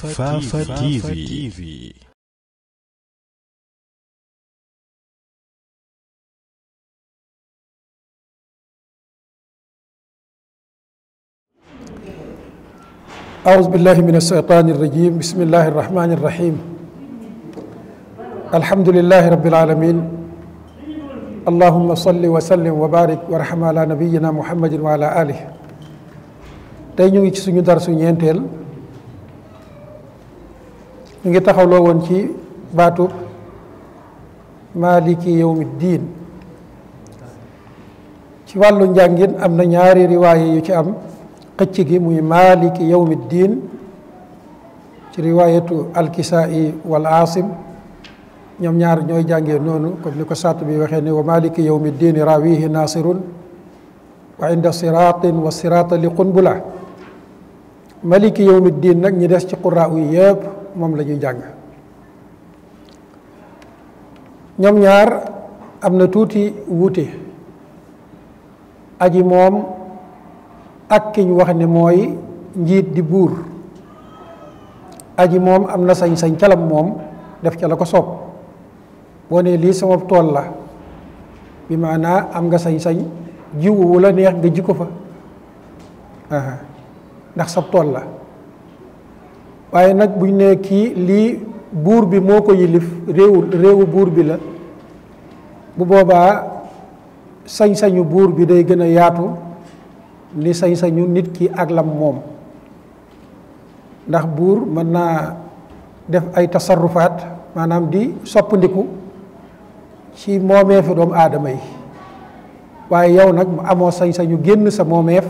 Fafa TV. أعوذ بالله من الشيطان الرجيم بسم الله الرحمن الرحيم الحمد لله رب العالمين اللهم صل وسلم وبارك وارحم على نبينا محمد وعلى آله تي نيغي سي سونو دارسو ñentel ñu ngi taxawloo woon ci baatu maliki yawmi diin ci wàllu njàngin am na ñaari riwaaye yu ci am xëcc gi muy malik yawmi diin ci riwaayatu alkisaa'i wal aasim ñoom ñaar ñooy jàngee noonu comme ni ko saat bi waxee ne wa maliki yawmi diini rawihi naasirun wa inda siraatin wa siraata li qunbula maliki yawmi diin nag ñi des ci quraaw yi yëpp moom lañuy jàng ñom ñaar am na tuuti wuute aji moom ak kiñ wax ni mooy njiit di buur aji moom am na sañ-sañ calam moom def ca la ko soob boo lii sama tool la bi maanaa am nga sañ-sañ jiwu wu la neex nga ji ko fa ndax sab tool la waaye nag buñ ne kii lii buur bi moo ko yilif réewu réewu buur bi la bu boobaa sañ-sañu buur bi day gën a yaatu ni sañ-sañu nit ki ak lam moom ndax buur mën naa def ay tasarrufaat maanaam di soppandiku ci moomeefu doomu aadama yi waaye yow nag amoo sañ-sañu génn sa moomeef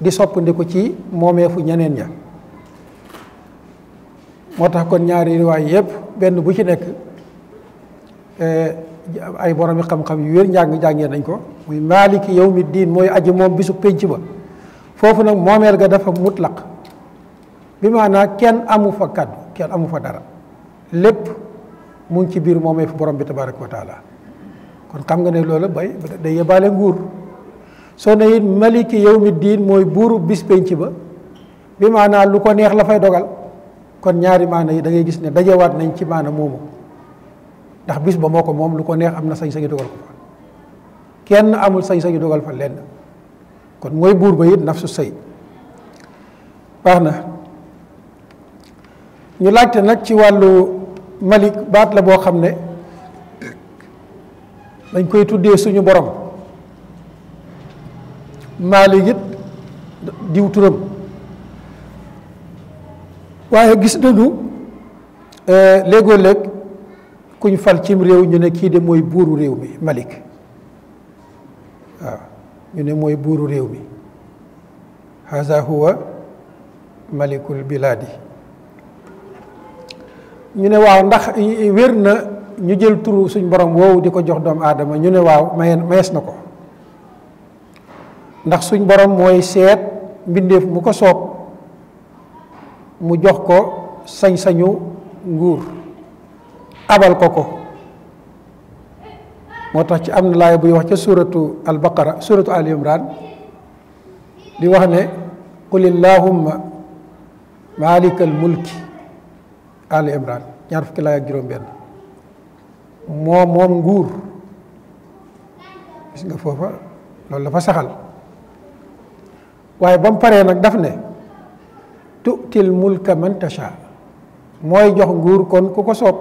di soppandiku ci moomeefu ñeneen ña moo tax kon ñaari riwaay yépp benn bu ci nekk eh, ay boromi xam-xam yu wér njàng jànge nañ ko muy maaliki yawmi diin mooy aji moom bisu pénc ba foofu nag moomeel ga dafa mutlaq bi maanaam kenn amu fa kenn amu fa dara lépp mu ngi ci biir moomee fu borom kon xam nga ne loolu bay day yebaale nguur soo ne it maliki yawmi diin mooy buuru bis pénc ba bi maanaam lu ko neex la fay dogal kon ñaari maana yi dangay gis ne dajewaat nañ ci maana moomu ndax bis ba moo ko moom lu ko neex am na sañ-sañu dogal fa kenn amul sañ-sañu dogal fa lenn kon mooy buur ba it nafsu say baax na ñu laajte nag ci wàllu malik baat la boo xam ne dañ koy tuddee suñu borom maalik it turam waaye gis nañu euh, léegoo léeg kuñ fal cim réew ñu ne kii de mooy buuru réew mi Malik waaw ñu ne mooy buuru réew mi haza huwa malikul bilaadi ñu ne waaw ndax wér na ñu jël turu suñ borom woowu di ko jox doom aadama ñu ne waaw mayeen mayees na ko ndax suñ borom mooy seet mbindeef mu ko soob mu jox ko sañ-sañu nguur abal ko ko moo tax ci am na laaya buy wax ca suratu albaqara suratu al imran di wax ne qul illahumma malikal mulki al imran ñaar fukki laaya ak juróom benn moom moom nguur gis nga foofa loolu la fa saxal waaye ba mu paree nag daf ne tu'til mulka man mooy jox nguur kon ku ko soob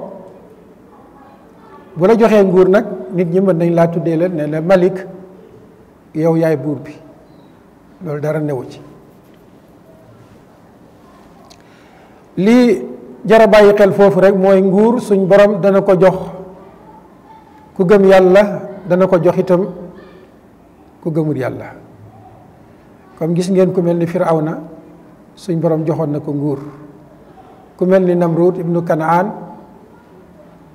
bu la joxee nguur nag nit ñi mën nañ laa tuddee la ne la malik yow yaay buur bi loolu dara newu ci lii jara bàyyi xel foofu rek mooy nguur suñ borom dana ko jox ku gëm yàlla dana ko jox itam ku gëmul yàlla kon gis ngeen ku mel ni na suñ boroom joxoon na ko nguur ku mel ni Namrud ibnu Kanaan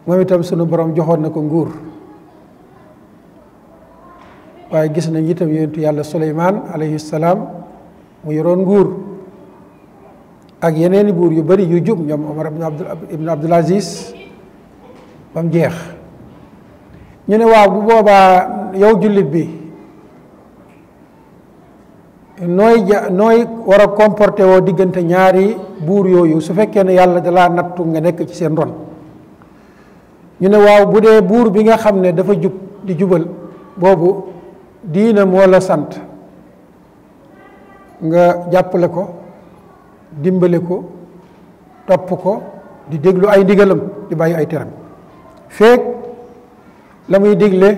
moom itam sunu boroom joxoon na ko nguur waaye gis nañ itam yonentu yàlla Suleymaan alayhi salaam mu yoroon nguur ak yeneeni buur yu bari yu jub ñoom Omar ibnu Abdul Aziz ba mu jeex ñu ne waaw bu boobaa yow jullit bi nooy ja nooy war a comporté woo diggante ñaari buur yooyu su fekkee ne yàlla dalaa nattu nga nekk ci seen ron ñu ne waaw bu dee buur bi nga xam ne dafa jub di jubal boobu diina moo la sant nga jàppale ko dimbale ko topp ko di déglu ay ndigalam di bàyyi ay teram feek la muy digle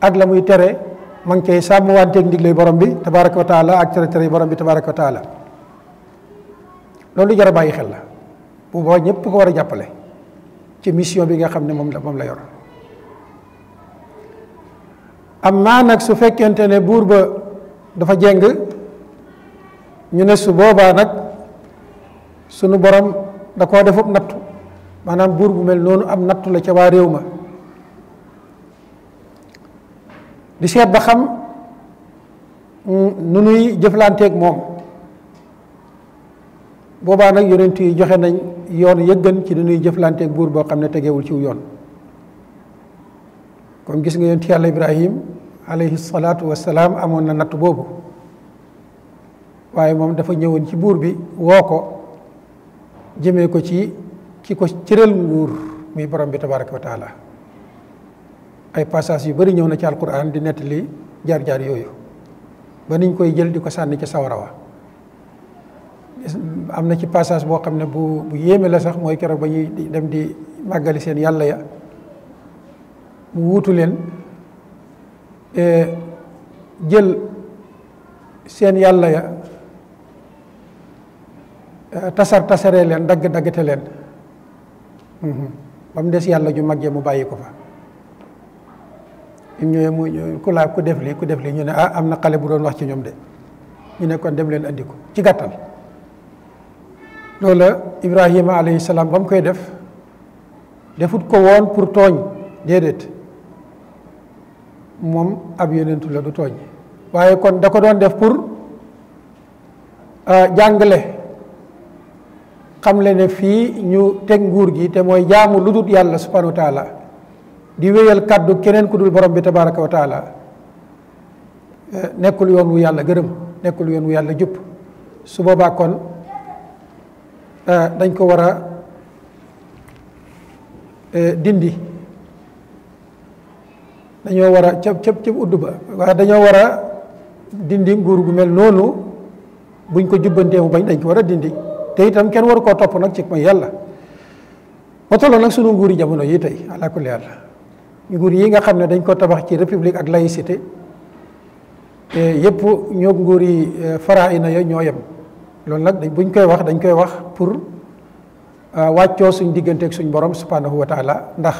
ak la muy tere ma ngi cay sàmm wanteeg ndiglay borom bi tabaraka wa taala ak tere tere borom bi tabaraka wa taala loolu jar a bàyyi xel la bu boo ñëpp ko war a jàppale ci mission bi nga xam ne moom la moom la yor am amma nag su fekkente ne buur ba dafa jeng ñu ne su boobaa nag sunu borom da koo defub nattu maanaam buur bu mel noonu am nattu la ca waa réew ma di seet ba xam mm, nu nuy jëflanteeg moom boobaa nag yonent yi joxe nañ yoon yëggan ci nu nuy jëflanteeg buur boo xam ne tegewul ci yoon kon gis nga yonent yàlla ibrahim alayhi salaatu wassalaam amoon na natt boobu waaye moom dafa ñëwoon ci buur bi woo ko jëmee ko ci ki ko cëral nguur muy borom bi tabaraka wa taala ay passage yu bari ñëw na ci alquran di nettali jar jar yooyu ba niñ koy jël di ko sànni ci sawara wa am na ci passage boo xam ne bu yéeme la sax mooy keroog ba ñuy dem di màggali seen yàlla ya mu wuutu leen e, jël seen yàlla ya e, tasar tasaree leen dagg daggate leen mhm. ba mu des yàlla ju mag ja mu bàyyi ko fa bi mu ñëwee mu ku laa ku def lii ku def lii ñu ne ah am na xale bu doon wax ci ñoom de ñu ne kon dem leen andi ko ci gàttal. loola Ibrahima alayhi salaam ba mu koy def defut ko woon pour tooñ déedéet moom ab yonentu la du tooñ waaye kon da ko doon def pour euh, jàngale xam le ne fii ñu teg nguur gi te mooy jaamu lu dul yàlla subhanahu wa di wéyal kàddu keneen ku dul borom bi tabaraka wa taala nekkul yoon wu yàlla gërëm nekkul yoon wu yàlla jub su boobaa kon eh, dañ ko war a eh, dindi dañoo war a cëb cëb cëb dañoo war a dindi nguur gu mel noonu buñ ko jubbantee mu bañ dañ ko war a dindi te itam kenn waru koo topp nag ci mooy yàlla moo tolloo nag sunu nguuri jamono yii tey alaa kulli yàlla nguur yi nga xam ne dañ koo tabax ci république ak laïcité te yëpp ñoo nguur yi euh, faraina ya ñoo yem loolu nag buñ koy wax dañ koy wax pour euh, wàccoo suñ diggante ak suñ borom subhanahu wa ndax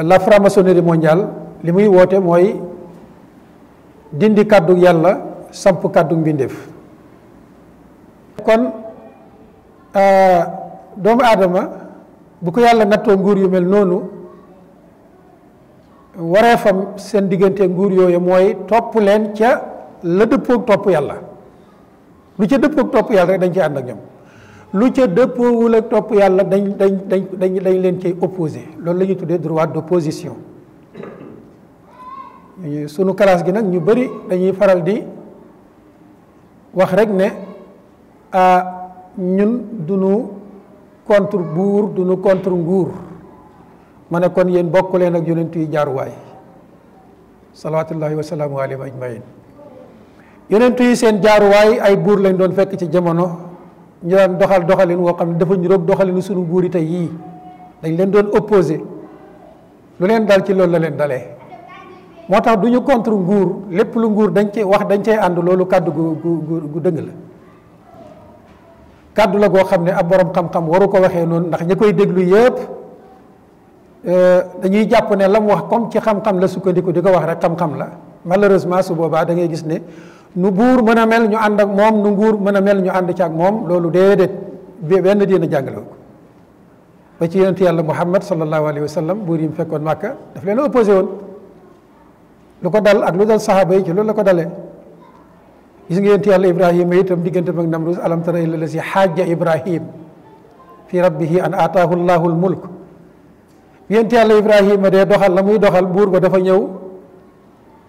la franc-maçonnerie mondiale li muy woote mooy dindi kàddu yàlla samp kàddu mbindeef kon euh, doomu aadama bu ko yàlla nattoo nguur yu mel noonu fam seen diggante nguur yooyu mooy topp leen ca la dëppoog topp yàlla lu ca dëppoog topp yàlla rek dañ ci ànd ak ñoom lu ca dëppoowul ak topp yàlla dañ dañ dañ dañ dañ leen cay opposé loolu la ñuy tuddee droit d'opposition sunu classe gi nag ñu bëri dañuy faral di wax rek ne a ah, ñun duñu contre buur duñu contre nguur ma ne kon yéen bokk leen ak yonent yi jaaruwaay salawaatullahi wa salaamu alayhim ajmain yi seen jaaruwaay ay buur lañ doon fekk ci jamono ñu daan doxal doxalin woo xam ne dafa ñu roog doxalinu sunu buuri tey yii dañ leen doon opposé lu leen dal ci loolu la leen dalee moo tax duñu contre nguur lépp lu nguur dañ cee wax dañ cee ànd loolu kàddu gu gu gu dëng la kàddu la goo xam ne ab borom xam-xam waru ko waxee noonu ndax ñi koy déglu yépp Euh, dañuy jàpp ne la mu wax comme ci xam-xam la sukkandiku di ko wax rek xam-xam la malheureusement su boobaa da ngay gis ne nu buur mën a mel ñu ànd ak moom nu nguur mën a mel ñu ànd ci ak moom loolu déedéet benn diina jàngale ko ba ci yonent yàlla muhammad sallallahu alayhi wa sallam buur yi mu fekkoon màkka daf leen opposé woon lu ko dal ak lu dal saxaaba yi ci loolu la ko dalee gis nga yonent yàlla ibrahima itam diggante mag namrus alam tara illa lasi xaaja ibrahim fi rabbihi an aataahu llahu l mulk yent yàlla ibrahima dee doxal la muy doxal buur ba dafa ñëw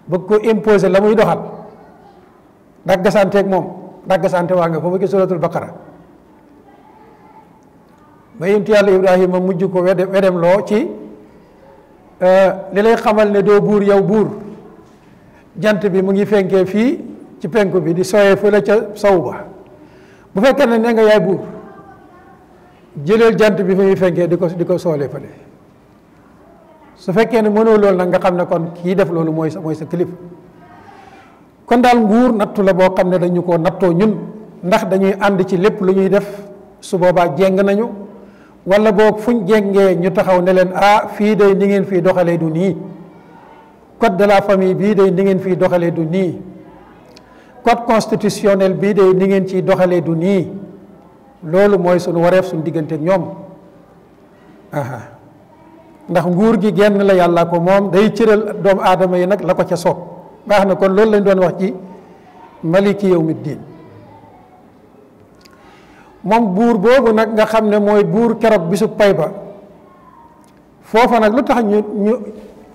ba ko imposer la muy doxal daggasanteeg moom daggasante waa nga ba mu gis suratul baqara ba yent yàlla mujj ko wede loo ci euh, li lay xamal ne doo buur yow buur jant bi mu ngi fenkee fii ci penku bi di sooyee fële ca sow ba bu fekkee ne ne yaay buur jëleel jant bi fi muy fenkee di ko di ko soolee fële su fekkee ne mënoo loolu nag nga xam ne kon kii def loolu mooy sa mooy sa kilifa kon daal nguur nattu la boo xam ne dañu ko nattoo ñun ndax dañuy ànd ci lépp lu ñuy def su boobaa jéng nañu wala boog fuñ jéngee ñu taxaw ne leen ah fii day ni ngeen fii doxalee du nii code de la famille bii day ni ngeen fii doxalee du nii code constitutionnel bii day ni ngeen ciy doxalee du nii loolu mooy suñu wareef suñu digganteeg ñoom ndax nguur gi genn la yàlla ko moom day cëral doomu aadama yi nag la ko ca soob baax na kon loolu lañ doon wax ci maliki mi diin moom buur boobu nag nga xam ne mooy buur keroog bisu pay ba foofa nag lu tax ñu ñu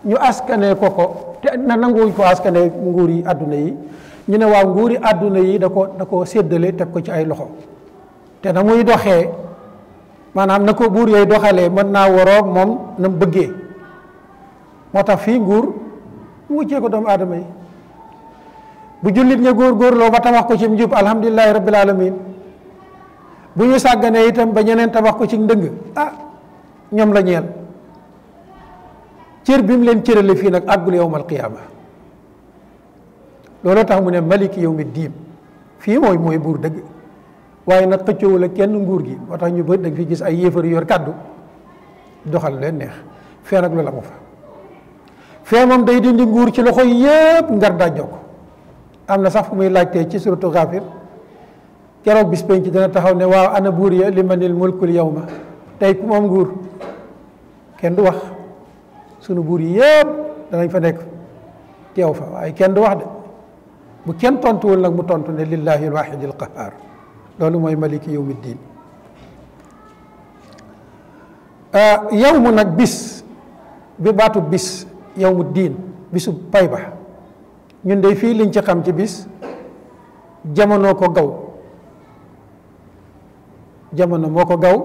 ñu askanee ko ko te na nanguwuñ ko askane nguur yi àdduna yi ñu ne waa yi àdduna yi da ko da ko séddale teg ko ci ay loxo te na muy doxee maanaam na ko buur yooyu doxale mën naa waroog moom na mu bëggee moo tax fii nguur mu wëccee ko doomu aadama yi bu jullit góor góorgóorloo ba tabax ko cim njub alhamdulilahi rabbil alamin bu ñu sàgganee itam ba ñeneen tabax ko ci ndëng ah ñoom la ñeel cër bi mu leen cërale fii nag àggul yowmal qiyaama looloo tax mu ne maliki yawmi diin fii mooy mooy buur dëgg waaye nag xëccoowul ak kenn nguur gi moo tax ñu bëri dañ fi gis ay yéefar yor kàddu doxal leen neex fee nag loolu amu fa fee moom day dindi nguur ci loxo yépp ngar daajoo ko am na sax fu muy laajtee ci suratu Gaafir keroog bis penc dana taxaw ne waaw ana buur ya li manil mulkul yawma tey ku moom nguur kenn du wax sunu buur yi yépp danañ fa nekk teew fa waaye kenn du wax de bu kenn tontuwul nag mu tontu ne lillahi alwahidi alqahar loolu mooy maliki yawmi diin ah, yow mu nag bis bi baatu bis yawmu diin bisu pay ba ñun de fii liñ ci xam ci bis jamono ko gaw jamono moo ko gaw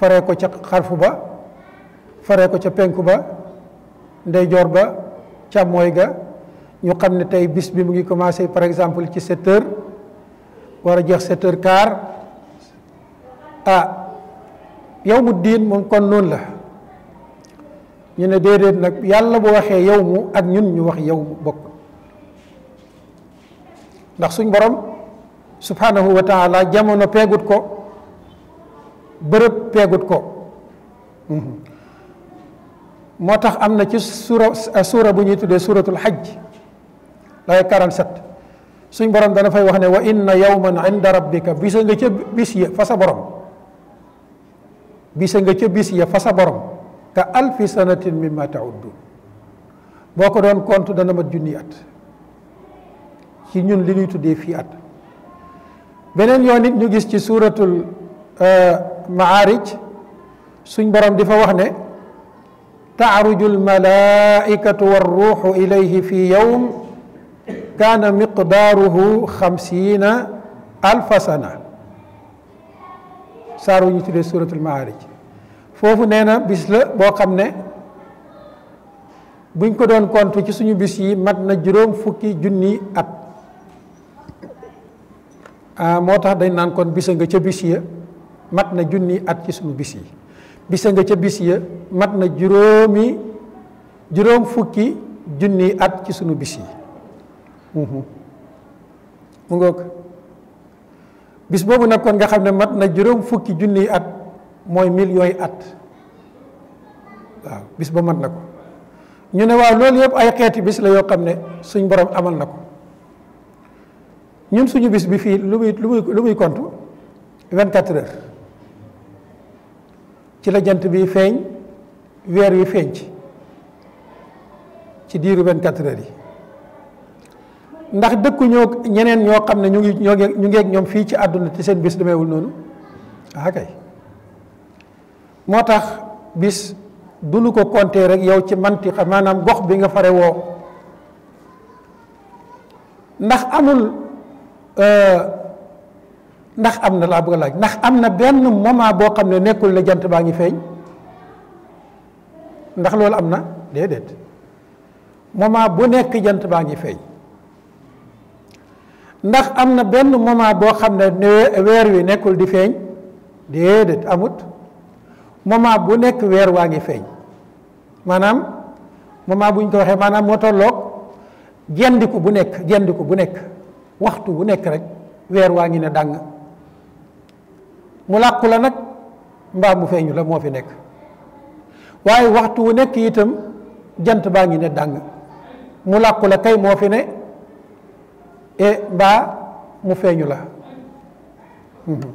fare ko ca xarfu ba faree ko ca penku ba ndeyjoor ba càmmooy ga ñu xam ne tey bis bi mu ngi commencé par exemple ci secteur war a jeex sept heures quart ah yow mu diin moom kon noonu la ñu ne déedéet nag yàlla bu waxee yow ak ñun ñu wax yow mu bokk ndax suñ borom subhanahu wa jamono peegut ko bërëb peegut ko mhm. moo tax am na ci suura suura bu ñuy tuddee suuratul xaj lay 47 suñ borom dana fay wax ne wa inna yawman inda rabbika bisa nga ca bis ya fa sa borom bisa nga ca bis ya fa sa borom ka alfi sanatin mimma tauddu boo ko doon compte dana mat junni at ci ñun li ñuy tuddee fii at beneen yoon it ñu gis ci suuratul euh, maarij suñ borom di fa wax ne taaruju almalaikatu warruuxu ilayhi fi yawm kaana miqdaaruhu xamsiina alfa sana saar wu ñu tuddee suuratul maarij foofu nee na bis la boo xam ne buñ ko doon compte ci suñu bis yi mat na juróom fukki junni at ah, moo tax dañ naan kon nga ca bis mat na junni at ci nga ca bis mat na juróomi juróom fukki junni at ci suñu bis yi Mhm. mu ngoog bis boobu nag kon nga xam ne mat na juróom fukki junniy at mooy mil yooyu at waaw bis ba mat na ko ñu ne waaw loolu yëpp ay xeeti bis la yoo xam ne suñ borom amal na ko ñun suñu bis bi fii lu muy lu muy lu muy quatre heures ci la jant bi feeñ weer wi feeñ ci ci diiru vingt quatre heures yi ndax dëkku ñoo ñeneen ñoo xam ne ñu ngi ñoo ñu ngeeg ñoom fii ci àdduna ci seen bis demeewul noonu ah kay moo tax bis du ko compter rek yow ci mantiqa maanaam gox bi nga fare woo ndax amul euh, ndax am na laa bëgg laaj ndax am na benn moment boo xam ne nekkul ne jant baa ngi feeñ ndax loolu am na déedéet moment bu nekk jant baa ngi feeñ ndax am na benn moment boo xam ne weer wi nekkul di feeñ déedéet amut moment bu nekk weer waa ngi feeñ maanaam moment buñ ko waxee maanaam moo tolloog jendiku bu nekk jendiku bu nekk waxtu wu nekk rek weer waa ngi ne dàng mu làqu la nag mbaa mu feeñu la moo fi nekk waaye waxtu wu nekk itam jant baa ngi ne dàng mu làqu la kay moo fi ne et mbaa mu feeñu la mhm.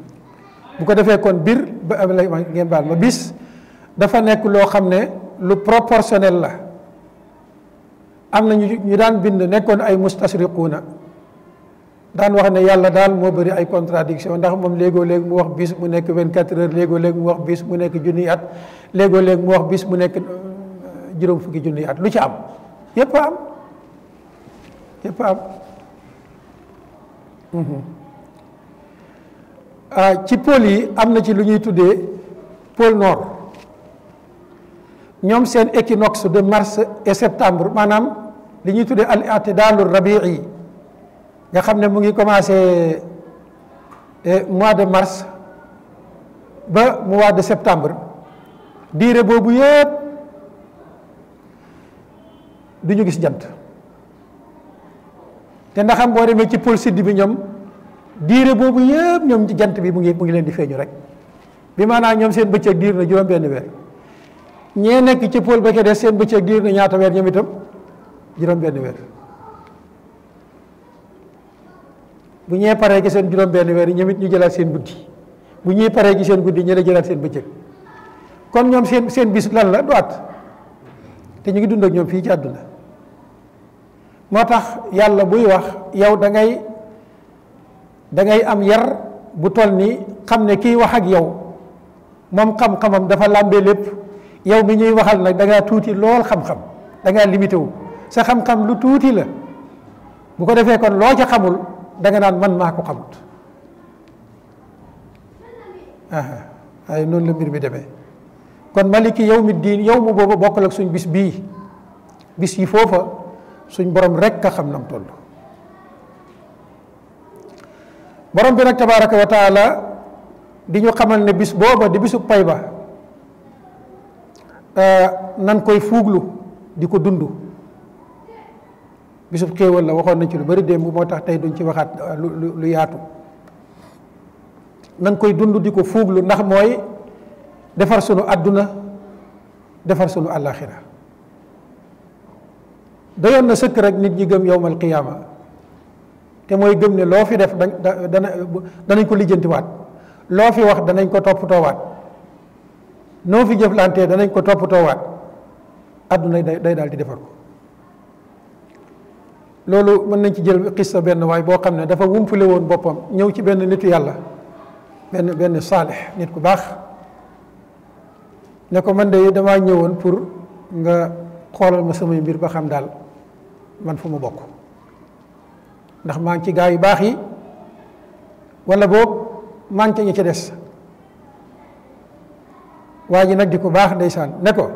bu ko defee kon biir ba ngeen baal ma bis dafa nekk loo xam ne lu proportionnel la am na ñu ñu daan bind nekkoon ay mustasriquuna daan wax ne yàlla daal moo bëri ay contradiction ndax moom léegoo léegi mu wax bis mu nekk 24 heures léegoo léegi wax bis mu nekk junniy at léegoo léegi mu wax bis mu nekk euh, juróom fukki junni at lu ci am yépp am yépp am Euh, ci pôle yi am na ci lu ñuy tuddee pôle nord ñoom seen équinoxe de mars et septembre maanaam li ñuy tuddee al i'tidaalu rabii nga xam ne mu ngi commencé euh, mois de mars ba mois de septembre diire boobu yëpp du ñu gis jant te ndax am boo demee ci pôle sud bi ñoom diire boobu yëpp ñoom jant bi mu ngi mu ngi leen di feeñu rek bi maanaa ñoom seen bëccëg diir na juróom benn weer ñee nekk ci pôle ba ca des seen bëccëg diir na ñaata weer ñoom itam juróom benn weer bu ñee paree ci seen juróom benn weer ñoom ñu jëlaat seen guddi bu ñuy paree ci seen guddi ñu la jëlaat seen bëccëg kon ñoom seen seen bis lan la du at te ñu ngi dund ak ñoom fii ci àdduna moo tax yàlla buy wax yow dangay dangay am yar bu toll ni xam ne kiy wax ak yow moom xam-xamam dafa làmbee lépp yow mi ñuy waxal nag dangay tuuti lool xam-xam da ngaa limité xam-xam lu tuuti la bu ko defee kon loo ca xamul danga naan man maa ko xamut waaye noonu la mbir mi deme kon maliki yow mi diin yow mu boobu bokkal ak suñ bis bii bis yi foofa suñ borom rek ka xam nam toll borom bi nag tabaraka wa taala di ñu xamal ne bis booba di bisu pay ba euh, nan koy fuuglu di ko dund bisub xéewal la waxoon nañ ci lu bari démb moo tax tey duñ ci waxaat euh, lu yaatu nan koy dund di ko fuuglu ndax mooy defar sunu àdduna defar sunu àllaaxira dayoon na sëkk rek nit ñi gëm yowmal qiyaama te mooy gëm ne loo fi def da dana danañ ko lijjantiwaat loo fi wax danañ ko waat noo fi jëflantee danañ ko toppatoowaat àdduna yi day daal di defar ko loolu mën nañ ci jël sa benn waay boo xam ne dafa wumpule woon boppam ñëw ci benn nitu yàlla benn benn saalix nit ku baax ne ko man de damaa ñëwoon pour nga xoolal ma samay mbir ba xam daal man fu mu bokk ndax maa ngi ci gaa yu baax yi wala boobu maa ngi ca ñi ci des waa ji nag di ku baax ndeysaan ne ko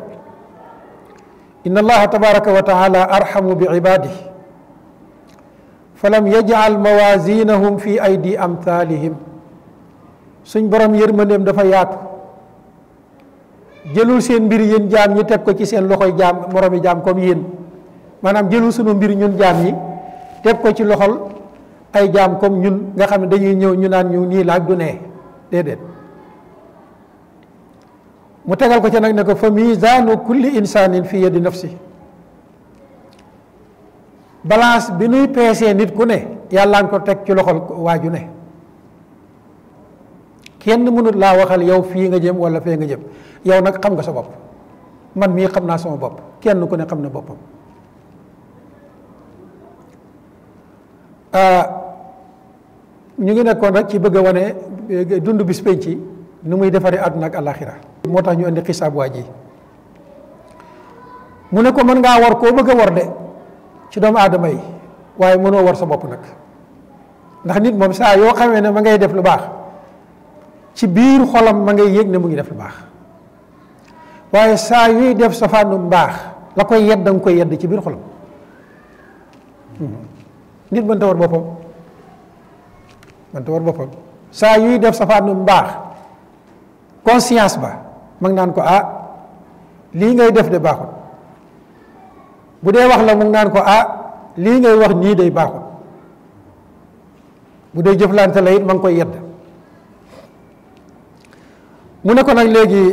inna allaha tabaraka wa taala arxamu bi ibaadihi falam yaj'al mawazinahum fi aydi amthalihim suñ borom yërmandeem dafa yaatu jëlul seen mbir yéen jaam ñi teg ko ci seen loxoy jaam moromi jaam comme yéen maanaam jëlu sunu mbir ñun jaam yi teg ko ci loxol ay jaam comme ñun nga xam ne dañuy ñëw ñu naan ñu nii laa gune nee déedéet mu tegal ko ci nag ne ko fa miizaanu kulli insaanin fi yadi nafsi balance bi nuy peesee nit ku ne yàlla nga ko teg ci loxol waaju ne kenn mënut laa waxal yow fii nga jëm wala fee nga jëm yow nag xam nga sa bopp man mii xam naa sama bopp kenn ku ne xam na boppam Euh, ñu ngi nekkoon rek ci bëgg a wane euh, dund bis penc nu muy defaree àdduna ak àllaaxira moo tax ñu indi xisaab waa ji mu ne ko mën ngaa war koo bëgg a war de ci doomu aadama yi waaye mënoo war sa bopp nag ndax nit moom saa yoo xamee ne ma ngay def lu baax ci biir xolam ma ngay yëg ne mu ngi def lu baax waaye saa yuy def safaanu baax la koy yedd da nga koy yedd ci biir xolam hmm. nit mënta war boppam mënta war boppam saa yuy def safaanu baax conscience ba mag naan ko ah lii ngay def de baaxul bu dee wax la mu naan ko ah lii ngay wax nii day baaxul bu dee jëflante la it ma ngi koy yedd mu ne ko nag léegi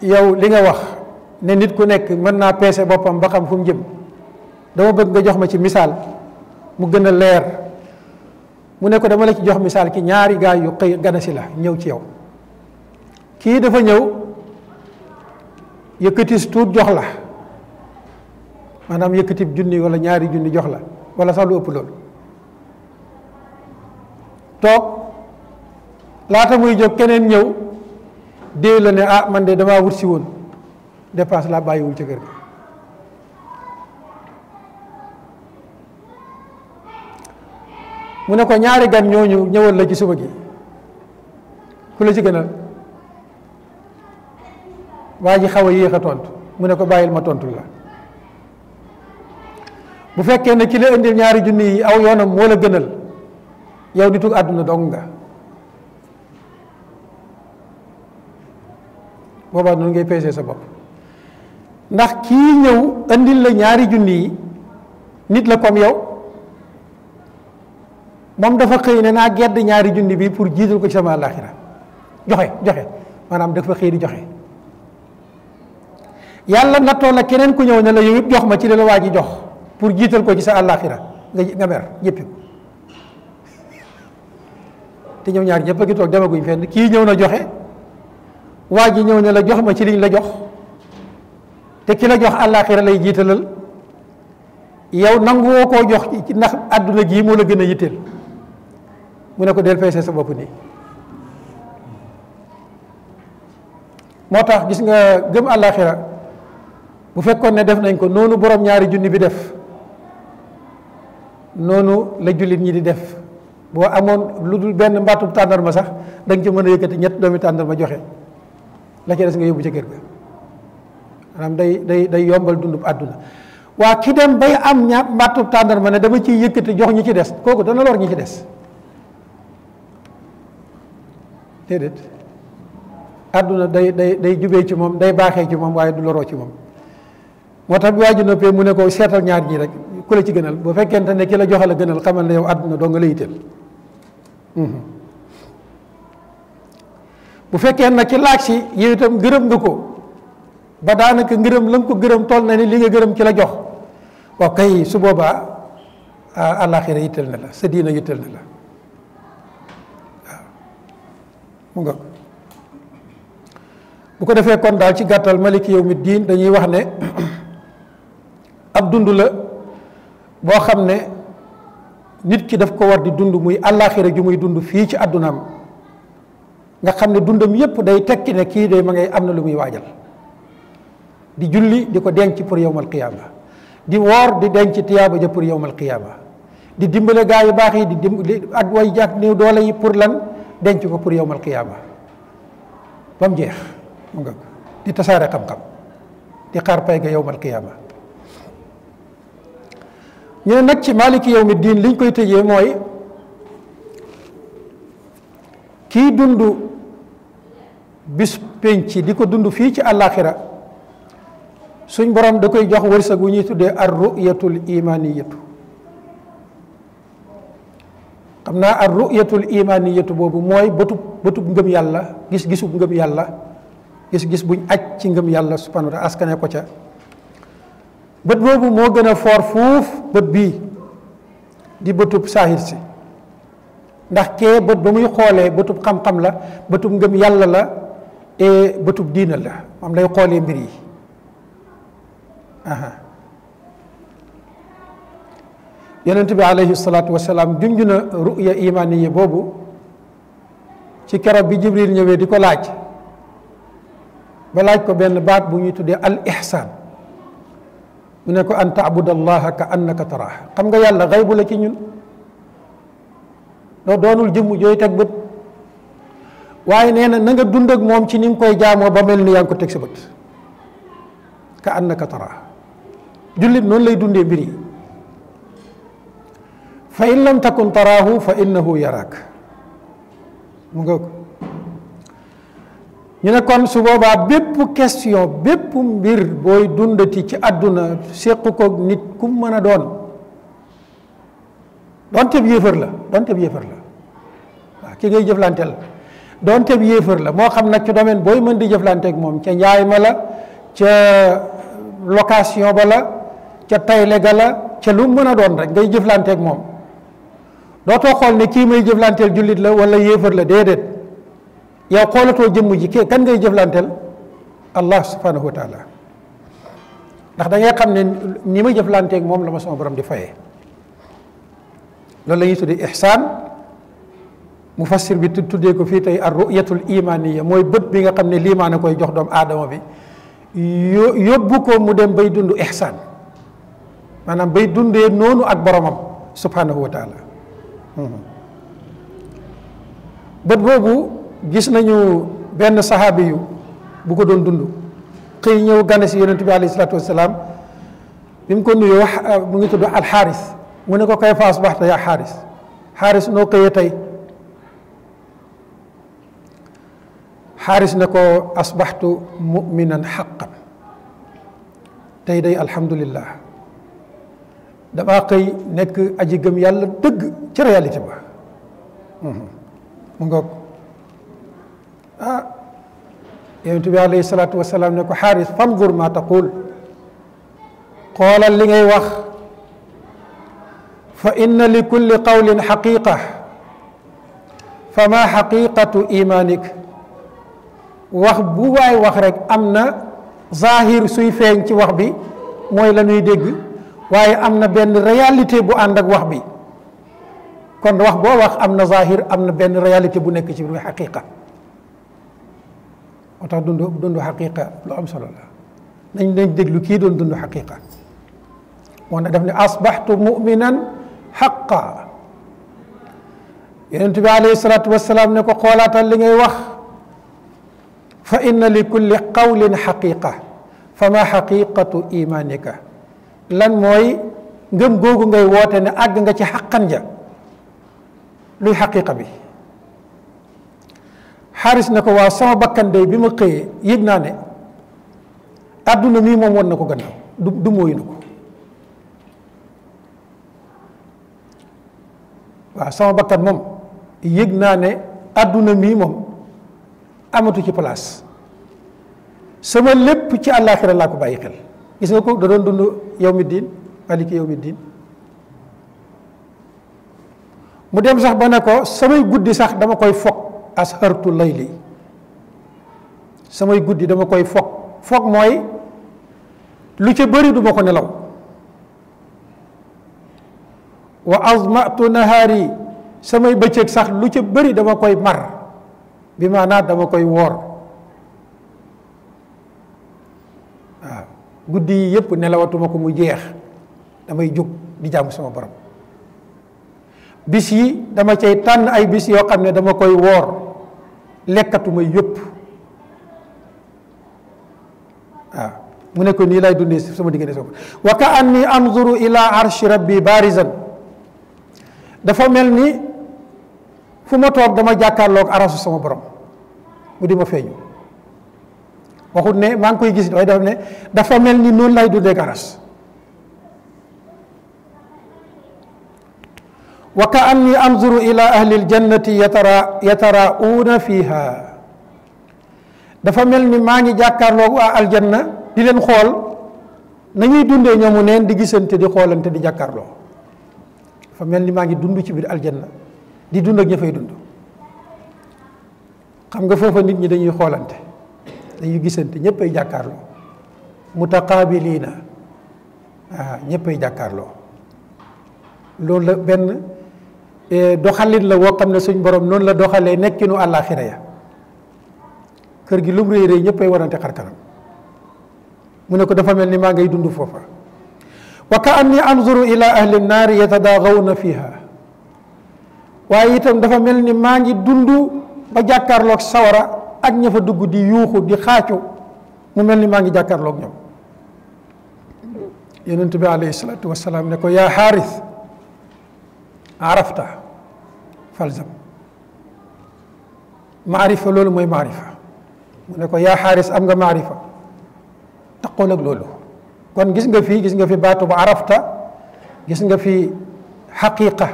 yow li nga wax ne nit ku nekk mën naa peese boppam ba xam fu mu jëm dama bëgg nga jox ma ci misaal mu gën a leer mu ne ko dama la ci jox misaal ki ñaari gaay yu xëy gana si la ñëw ci yow kii dafa ñëw yëkkati tuut jox la maanaam yëkkati junni wala ñaari junni jox la wala sax lu ëpp loolu toog laata muy jóg keneen ñëw déew la ne ah man de damaa wut si woon dépense laa bàyyiwul ca kër mu ne ko ñaari gan ñooñu ñëwal la ci suba gi ku la ci gënal waa ji xaw a yéex a tontu mu ne ko bàyyil ma tontu la bu fekkee ne ki la indil ñaari junni yi aw yoonam moo la gënal yow di àdduna dong nga boobaa noonu ngay peesee sa bopp ndax kii ñëw indil la ñaari junni yi nit la comme yow moom dafa xëy ne naa gedd ñaari junni bii pour jiital ko ci sama àllaaxira joxe joxe maanaam dafa xëy di joxe yàlla nattoo la keneen ku ñëw ne la yow jox ma ci la waa ji jox pour jiital ko ci sa àllaaxira nga nga ñoom ñaar ñëpp a kii ñëw na joxe waa ji ñëw jox ma ci liñ la jox te ki la jox àllaaxira lay jiitalal yow nanguwoo koo jox ndax àdduna jii moo la gën a yitteel mu ne ko del peese sa bopp nii moo tax gis nga gëm àllaaxira bu fekkoon ne def nañ ko noonu boroom ñaari junni bi def noonu la jullit ñi di def boo amoon lu dul benn mbàttub tàndarma sax da nga ci mën a yëkkati ñett doomi tàndarma joxe la ca des nga yóbbu ci kër ga day day day yombal dundub àdduna waa ki dem bay am ñaar mbàttub tàndarma ne dama ciy yëkkati jox ñi ci des kooku dana lor ñi ci des déedéet àdduna day day day jubee ci moom day baaxee ci moom waaye du loroo ci moom moo tax bi waa ji noppee mu ne ko seetal ñaar ñi rek ku la ci gënal bu fekkente ne ki la joxal a gënal xamal ne yow àdduna doo nga la yitteel mhm. fekkee nag ci laaj si yow itam gërëm nga ko ba daanaka ngërëm la ko gërëm toll na ni li nga gërëm ci la jox waaw kay su boobaa ah, àllaaxira yitteel na la sa diina yitteel na la mu bu ko defee kon daal ci gàttal yow mi diin dañuy wax ne ab dund la boo xam ne nit ki daf ko war di dund muy àllaaxira ju muy dund fii ci àddunaam nga xam ne dundam yépp day tekki ne kii de ma ngay am na lu muy waajal di julli di ko denc pour yowmal qiyaama di woor di denc tiyaaba ja pour yowmal qiyaama di dimbale gaa yu baax yi di dimbale ak way jàkk néew doole yi pour lan denc ko pour yowmal qiyaama ba mu jeex di tasaare xam-xam di xaar pay ga yowmal qiyaama ñu ne nag ci maaliki yowmi diin liñ koy tëjee mooy kii dundu bis penc di ko dund fii ci àllaaxira suñ borom da koy jox wërsëg wu ñuy tuddee ar ruyatul imaniyatu xam naa ar ruyatul imaniyatu boobu mooy bëtub bëtub ngëm yàlla gis-gisub ngëm yàlla gis-gis buñ aj ci ngëm yàlla subhanahu wa taala askane ko ca bët boobu moo gën a foor fuuf bët bii di bëtub saahir si ndax kee bët ba muy xoolee bëtub xam-xam la bëtub ngëm yàlla la et bëtub diina la moom lay xoolee mbir yi yonent bi alayhi salaatu salaam junj na ruya imaaniya boobu ci keroog bi jibril ñëwee di ko laaj ba laaj ko benn baat bu ñuy tuddee al mu ne ko an taabud allaha ka annaka taraaha xam nga yàlla xaybu la ci ñun doo doonul jëmm jooy teg bët waaye nee na na nga dund ak moom ci ni nga koy jaamoo ba mel ni yaa ngi ko teg sa bët ka annaka taraaha jullit noonu lay dundee mbir yi fa in lam takun taraahu fa innahu yaraak mu nga ko ñu ne kon su boobaa bépp question bépp mbir booy dundati ci àdduna séq ko nit kum mën a doon doonte bi yéefar la doonte bi yéefar la waaw ki ngay jëflanteel doonte bi yéefar la moo xam nag ci domaine booy mën di jëflanteek moom ca njaay ma la ca location ba la ca tayle ga la ca lu mën a doon rek ngay jëflanteek moom dootoo xool ne kii may jëflanteel jullit la wala yéefar la déedéet yow xoolatoo jëmm ji kii kan ngay jëflanteel allah subhanahu wa taala ndax da xam ne ni may jëflanteeg moom la ma sama borom di fayee loolu la ñuy tuddee ihsaan mufassir bi tuddee ko fii tey ar ruyatul imaniya mooy bët bi nga xam ne liimaan a koy jox doomu aadama bi yo yóbbu ko mu dem bay dund ihsaan maanaam bay dundee noonu ak boromam subhanahu wa bët boobu gis nañu benn saxaabi yu bu ko doon dund xëy ñëw gane si yonent bi alayhi salaatu wasalaam bi mu ko nuyoo ah, mu ngi tudd alxaaris mu ne ko kay faas baxta yaa xaaris xaaris noo xëyee tey xaaris ne ko asbaxtu muminan xaqan tey day alhamdulillah damaa xëy nekk aji gëm yàlla dëgg ci réalité ba mhm. mu ngoog ah yonent bi alayhi salaatu wasalaam ne ko xaaris fanzur ma taqul xoolal li ngay wax fa inna li kulli qawlin xaqiqa fa ma xaqiqatu imanik wax bu waay wax rek am na zahir suy feeñ ci wax bi mooy la ñuy dégg waaye am na benn réalité bu ànd ak wax bi kon wax boo wax am na zahir am na benn réalité bu nekk ci biir xaqiqa moo tax dund dund xaqiqa lu am solo la nañ nañ déglu kii doon dund xaqiqa moo ne daf ne asbaxtu muminan xaqa yonent bi alayhi salaatu wasalaam ne ko xoolaatal li ngay wax fa inna li kulli qawlin xaqiqa fa ma xaqiqatu imanika lan mooy ngëm googu ngay woote ne àgg nga ci xaqan ja luy xaqiqa bi xaaris na ko waa sama bakkan day bi ma xëyee yëg naa ne àdduna mii moom wan na ko gannaaw du du mooyu na ko waaw sama bakkan moom yëg naa ne àdduna mii moom amatu ci place sama lépp ci àllaaxira laa ko bàyyi xel gis nga ko da doon dund yow mi diin maliki yow mi diin mu dem sax ba ne ko samay guddi sax dama koy foog as xartu layli samay guddi dama koy foog foog mooy lu ci bëri duma ko nelaw wa azmatu nahaari samay bëccëg sax lu ca bëri dama koy mar bi maanaa dama koy woor guddi yi yëpp nelawatuma ko mu jeex damay jóg di jàmm sama borom bis yi dama cay tànn ay bis yoo xam ne dama koy woor lekkatuma yépp waaw mu ne ko nii lay dundee sama diggante sama wa ka anni anzuru ila arshi rabbi barizan dafa mel ni fu ma toog dama jàkkaarloog arasu sama borom mu di ma feeñu waxut ne maa ngi koy gis waaye dafa ne dafa mel ni noonu lay dundee garas wa ka anni anzuru ila ahli aljannati yatara yatarauuna fiha dafa mel ni maa ngi jàkkaarloo waa aljanna di leen xool nañuy dundee ñoomu neen di gisante di xoolante di jàkkaarloo dafa mel ni maa ngi dund ci biir aljanna di dund ak dund xam nga foofu nit ñi dañuy xoolante dañuy gisante ñëpp ay jàkkaarloo mutaqaabiliina waaw ñëpp ay jàkkaarloo loolu la benn eh, doxalit la woo xam ne suñ borom noonu la doxalee nekkinu àllaaxira ya kër gi lu mu réy réy warante xar kanam mu ne ko dafa mel ni maa ngay dund foofa wa ka anni anzuru ila ahli naari yatadaagawna fiha waaye itam dafa mel ni maa ngi dund ba jàkkaarloog sawara ak ña fa dugg di yuuxu di xaacu mu mel ni maa ngi jàkkaarloog ñoom yonent bi alayhi salaatu yaa xaaris arafta falzam maarifa loolu mooy maarifa mu ne ko yaa xaaris am nga maarifa taqool ak loolu kon gis nga fi gis nga fi baatu bu arafta gis nga fi xaqiqa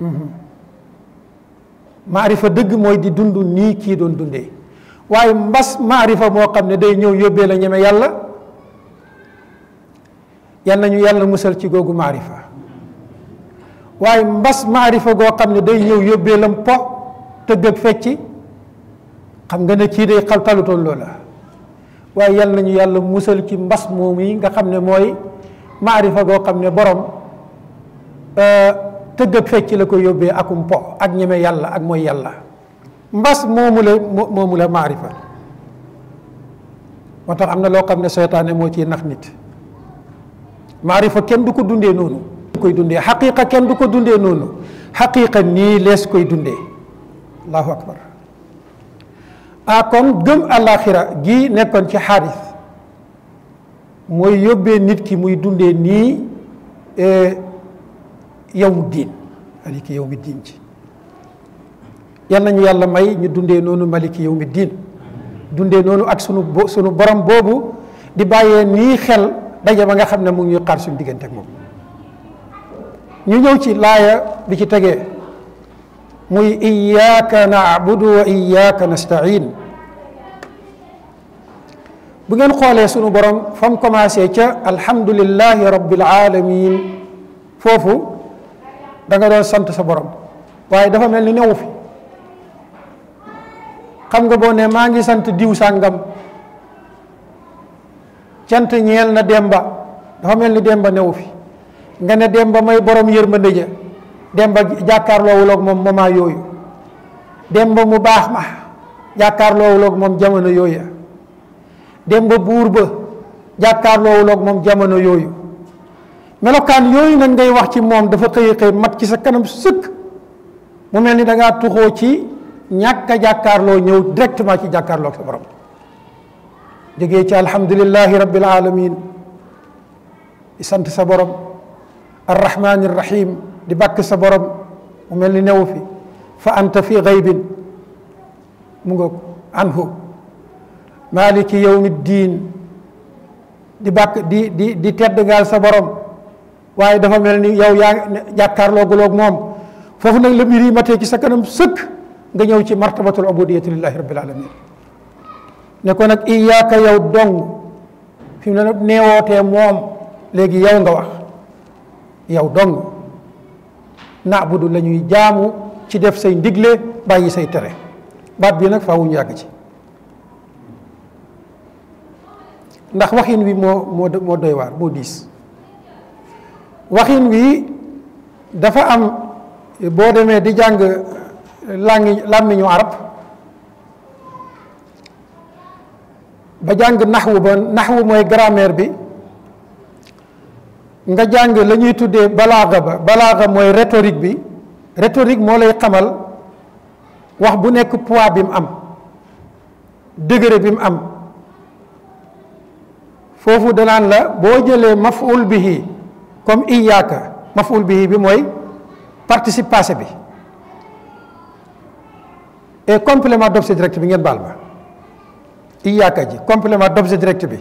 mhm. maarifa dëgg mooy di dund nii kii doon dundee waaye mbas maarifa moo xam ne day ñëw yóbbee la ñeme yàlla yal nañu yàlla musal ci googu maarifa waaye mbas maarifa goo xam ne day ñëw yóbbee lam po tëgg ak fecci xam nga ne kii day xal talutoon loola waaye yal nañu yàlla musal ci mbas moom yi nga xam ne mooy maarifa goo xam ne borom euh, tëgg ak fecc la ko yóbbee akum po ak ñeme yàlla ak mooy yàlla mbas moomu la moomu la maarifa moo tax am na loo xam ne seytaane moo ci nax nit maarifa kenn du ko dundee noonu koy dundee xaqiqa kenn du ko dundee noonu xaqiqa nii lees koy dundee allahu akbar a kon gëm àllaaxira gi nekkoon ci xaaris mooy yóbbee nit ki muy dundee nii eh, yawmu diin maliki yawmi diin ci yal nañu yàlla may ñu dundee noonu maliki mi diin dundee noonu ak sunu sunu borom boobu di bàyyee nii xel daje ba nga xam ne mu ngi ñuy xaar suñu diggante ak moom ñu ñëw ci laaya bi ci tegee muy iyaaka naabudu wa iyaaka nastain bu ngeen xoolee sunu borom fa mu commencé ca alhamdulillahi rabbil alamin foofu da nga doon sant sa borom waaye dafa mel ni newu fi xam nga boo ne maa ngi sant diw sàngam cant ñeel na demba dafa mel ni demba newu fi nga ne demba may borom ma ja demba jàkkaarloowuloog moom moment yooyu demba mu baax ma jàkkaarloowuloog moom jamono yooya demba buur ba jàkkaarloowuloog moom jamono yooyu melokaan yooyu nag ngay wax ci moom dafa xëy xëy mat ci sa kanam sëkk mu mel ni da ngaa ci ñàkk a jàkkaarloo ñëw directement ci jàkkaarloo ak sa borom jógee ci alhamdulillahi rabbil alamin di sant sa borom arrahmani rahim di bakk sa borom mu mel ni newu fi fa ant fi gaybin mu nga anhu maliki yawmi ddin di bàkk di di di tedd gaal sa borom waaye dafa mel ni yow yaa jàkkaarloo guloog moom foofu nag la mbir ci sa kanam sëkk nga ñëw ci martabatul ubudiyati lillahi rabbil alamin ne ko nag iyaaka yow dong fi mu ne newootee moom léegi yow nga wax yow dong naabudu la lañuy jaamu ci def say ndigle bàyyi say tere baat bi nag faawuñu yàgg ci ndax waxin wi moo moo moo doy waar moo diis waxin wi dafa am boo demee di jàng làngi làmmiñu arab ba jàng naxwu ba naxwu mooy grammaire bi nga jàng la ñuy tuddee balaaga ba balaaga mooy rhétorique bi rhétorique moo lay xamal wax bu nekk poids bi mu am degré bi mu am foofu danaan la boo jëlee bi bihi comme iyaaka maful bihi bi mooy participe passé bi et complément d'objet direct bi ngeen baal ba iyaaka ji complément d'objet direct bi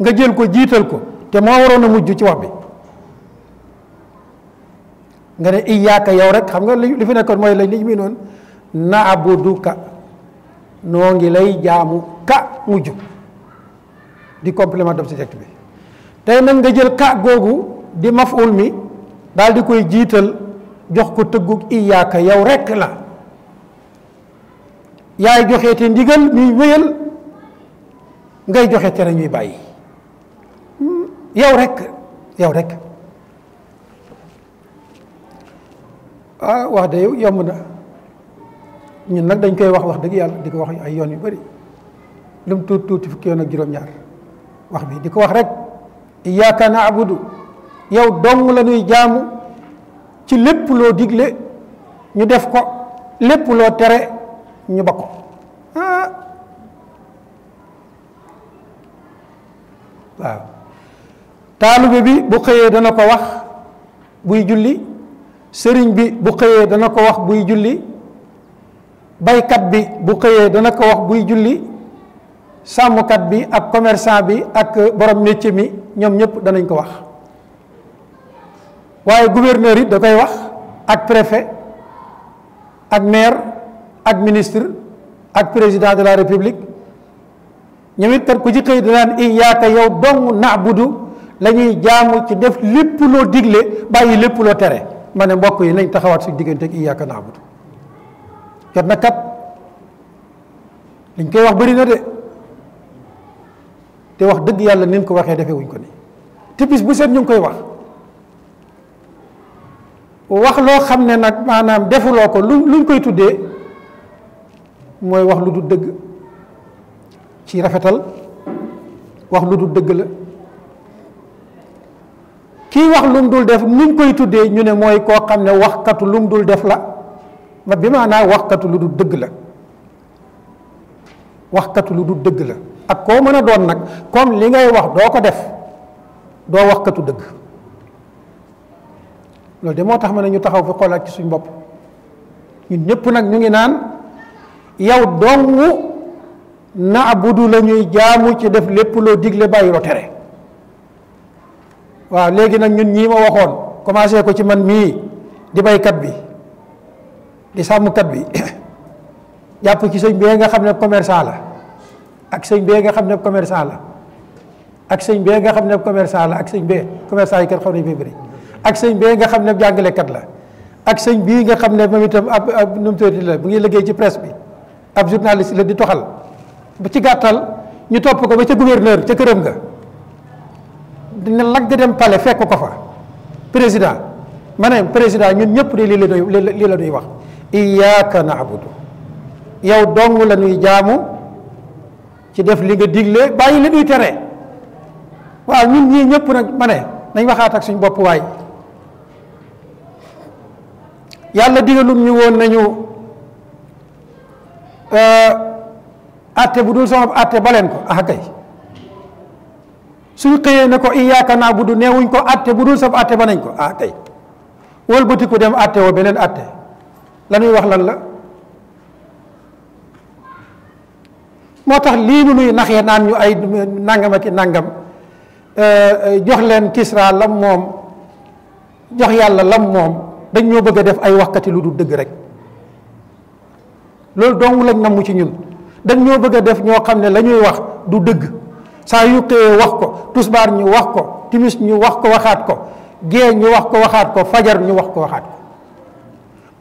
nga jël ko jiital ko te moo waroon mujj ci wax bi nga ne iyaaka yow rek xam nga li fi nekkoon mooy la nit mi noonu ka noo ngi lay jaamu ka mujj di complément d'objet direct bi tey nag nga jël ka googu di maful mi daal di koy jiital jox ko tëggug iyaaka yow rekk la yaay joxe te ndigal ñuy wéyal ngay joxe tere ñuy bàyyi yow rekk yow rekk ah wax de yomb na ñun nag dañ koy wax wax dëgg yàlla di ko wax ay yoon yu bari lu mu tuuti tuuti fukki yoon ak juróom-ñaar wax bi di ko wax rekk iyaaka na'budu yow dong la ñuy jaamu ci lépp loo digle ñu def ko lépp loo tere ñu ba ko ah. waaw taalibe bi bu xëyee dana ko wax buy julli sëriñ bi bu xëyee dana ko wax buy julli baykat bi bu xëyee dana ko wax buy julli sàmmkat bi ak commerçant bi ak borom métier bi ñoom ñëpp danañ ko wax waaye gouverneur yi da koy wax ak préfet ak maire ak ministre ak président de la république ñoom it kat ku ci xëy danaan iyaaka yow dong bu du lañuy jaamu ci def lépp loo digle bàyyi lépp loo tere ma ne mbokk yi nañ taxawaat suñ diggante ak iyaaka naabudu jot na kat liñ koy wax bëri na de te wax dëgg yàlla ni ko waxee defee wuñ ko ni te bu seet ñu ngi koy wax wax loo xam ne nag maanaam defuloo ko lu luñ koy tuddee mooy wax lu du dëgg ci rafetal wax lu du dëgg la kii wax lum dul def nuñ koy tuddee ñu ne mooy koo xam ne waxkatu lum dul def la ma bi maanaa waxkatu lu du dëgg la waxkatu lu du dëgg la ak koo mën a doon nag comme li ngay wax doo ko def doo waxkatu dëgg loolu de moo tax ma ne ñu taxaw fa xoolaat ci suñ bopp ñu ñëpp nag ñu ngi naan yow dongu na abudu la ñuy jaamu ci def lépp loo digle bàyyi loo tere waaw léegi nag ñun ñii ma waxoon commencé ko ci man mii di baykat bi di sàmmkat bi jàpp ci sëñ bee nga xam ne commerçant la ak sëñ bee nga xam ne commerçant la ak sëñ bee nga xam ne commerçant la ak sëñ bee commerçant yi kenn xaw nañ fi bëri ak sëñ bee nga xam ne jàngalekat la ak sëñ bii nga xam ne moom itam ab ab nu la bu ngi liggéey ci presse bi ab journaliste la di toxal ba ci gàttal ñu topp ko ba ca gouverneur ca këram nga dina lagg dem pale fekk ko fa président ma président ñun ñëpp de lii la doy lii la doy wax iyaaka naabudu yow dong la ñuy jaamu ci def li nga digle bàyyi li tere waaw ñun ñii ñëpp nag ma ne nañ waxaat ak suñ bopp waay yàlla digalum ñu woon nañu atte euh, bu dul sama atte leen ko ah kay suñ xëyee ne ko naa bu na'budu neewuñ ko atte bu dul sama atte ba nañ ko ah kay wëlbatiku dem atte woo beneen atte lañuy wax lan la moo tax lii nu nuy naxee naan ñu ay nangam ak nangam euh, jox leen kisra lam moom jox yàlla lam moom dañ ñoo bëgg a def ay waxkati lu dul dëgg rek loolu dong lañ namm ci ñun dañ ñoo bëgg a def ñoo xam ne lañuy wax du dëgg saa yu wax ko tusbaar ñu wax ko timis ñu wax ko waxaat ko gée ñu wax ko waxaat ko fajar ñu wax ko waxaat ko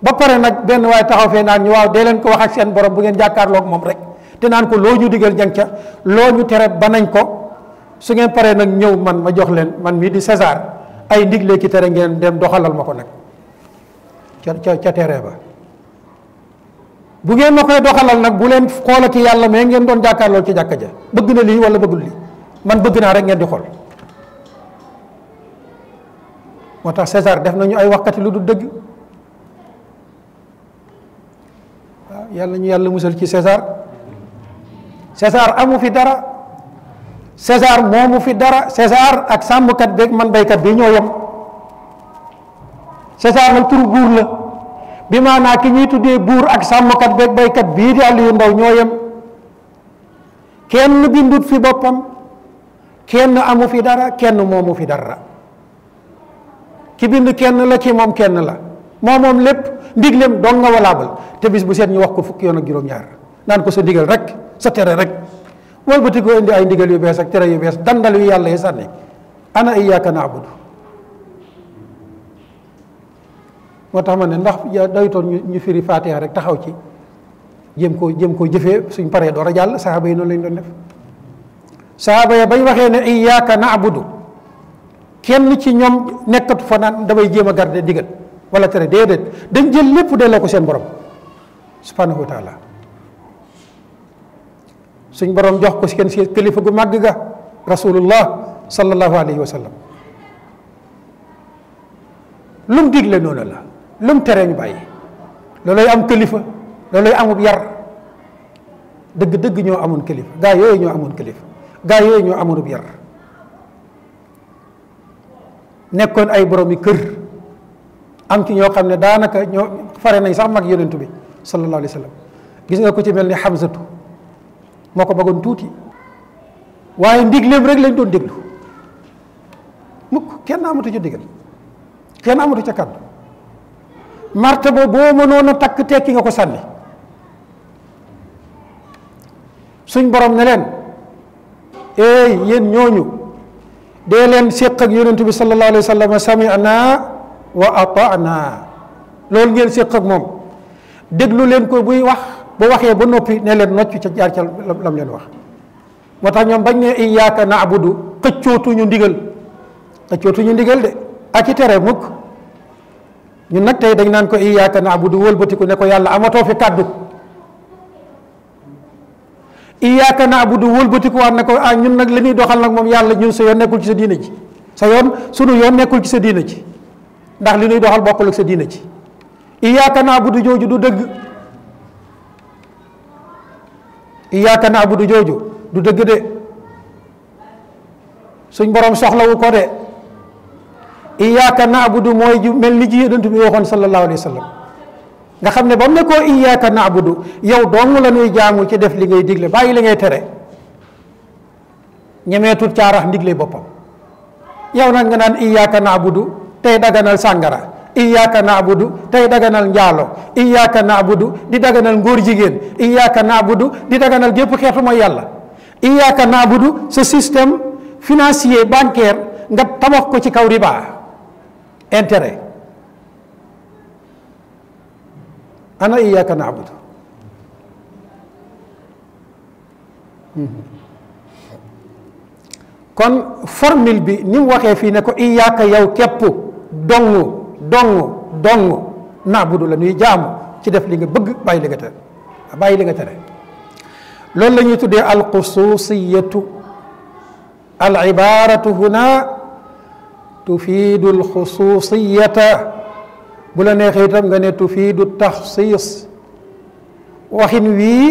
ba pare nag benn waaye taxaw fee naan ñu waaw dee leen ko wax ak seen borom bu ngeen jàkkaarloog moom rek te naan ko loo ñu digal jàng ca loo ñu tere ba nañ ko su ngeen paree nag ñëw man ma jox leen man mii di César ay ndigle ki tere ngeen dem doxalal ma ko nag ca ca ca tere ba bu ngeen ma koy doxalal nag bu leen xoolati yàlla mais ngeen doon jàkkaarloo ci jàkka ja bëgg na lii wala bëggul lii man bëgg naa rek ngeen di xool moo tax César def nañu ay waxkati lu du dëgg waaw yàlla ñu yàlla musal ci César César amu fi dara César moomu fi dara César ak sàmmkat beeg man baykat bi ñoo yem César nag turu buur la bi maanaa ki ñuy tuddee buur ak sàmmkat beeg baykat bii di Aliou Ndao ñoo yem kenn bindut fi boppam kenn amu fi dara kenn moomu fi dara ki bind kenn la ci moom kenn la moo moom lépp ndiglem dong nga walaabal te bis bu seet ñu wax ko fukki yoon ak juróom-ñaar naan ko sa ndigal rek sa tere rek wal ba ti ko indi ay ndigal yu bees ak tere yu bees dandal yu yàlla yi sànni ana iyyaka na'budu moo tax ma ne ndax doytoon ñu firi Fatiha rek taxaw ci jéem koo jéem koo jëfee suñ paree door a jàll saxaaba yi noonu lañ doon def saxaaba ya bañ waxee ne na na'budu kenn ci ñoom nekkatu fa damay jéem a garde digal wala tere déedéet dañ jël lépp delloo ko seen borom subhanahu wa taala suñ borom jox ko si kenn si kilifa gu màgg ga rasulullah sallallahu alayhi wa sallam lu mu digle noonu la lu mu teree ñu bàyyi loolay am kilifa loolay amub yar dëgg-dëgg ñoo amoon kilifa gaa yooyu ñoo amoon kilifa gaa yooyu ñoo amoonub yar nekkoon ay boroomi kër am ci ñoo xam ne daanaka ñoo fare nañ sax mag yonentu bi sallallahu alayhi wa gis nga ko ci mel ni xamsatu moo ko magoon tuuti waaye ndigleem rek lañ doon déglu mukk kenn amatu ca digal kenn amatu ca kàddu martaba boo mënoon a takk tekki nga ko sànni suñ borom ne leen eey yéen ñooñu dee leen séq ak yonentu bi sallallahu alayhi wa sallam sami'na wa ata'na ngeen séq moom déglu leen ko buy wax bu waxee ba noppi ne leen nocc ca jaar ca lam leen wax moo tax ñoom bañ ne iyyaka na'budu xëccootuñu ndigal xëccootuñu ndigal de ak ci tere mukk ñun nag tey dañ naan ko iyyaka na'budu wëlbatiku ne ko yàlla amatoo fi kàddu iyyaka na'budu wëlbatiku waat ne ko ah ñun nag li ñuy doxal nag moom yàlla ñun sa yoon nekkul ci sa diina ji sa yoon sunu yoon nekkul ci sa diina ci ndax li ñuy doxal bokkul ak sa diina ji iyyaka na'budu jooju du dëgg iyyaka na'budu jooju du dëgg de suñ borom soxlawu ko de iyaaka naabudu mooy ju mel ni ji yonent bi waxoon sallallahu alayhi wa nga xam ne ba mu ne koo iyaaka naabudu yow dong la ñuy jaamu ci def li ngay digle bàyyi li ngay tere ñemeetut caarax ndigle boppam yow nag nga naan iyaaka naabudu tey daganal sàngara iyaaka naabudu tey daganal njaalo iyaaka naabudu di daganal ngóor jigéen iyaaka naabudu di daganal gépp xeetu mooy yàlla iyaaka naabudu sa système financier bancaire nga tabax ko ci kaw ribaa intérêt ana iyyaka na'budu hmm. kon formule bi ni waxe waxee fii ne ko iyyaka yow képp dongu dongu dongu na'budu la ñuy jaamu ci def li nga bëgg bàyyi li nga tere bàyyi li nga tere loolu la al xusuusiyatu al ibaratu huna tufiidu alxusuusiyata bu la neexee itam nga ne tufiidu taxsiis waxin wii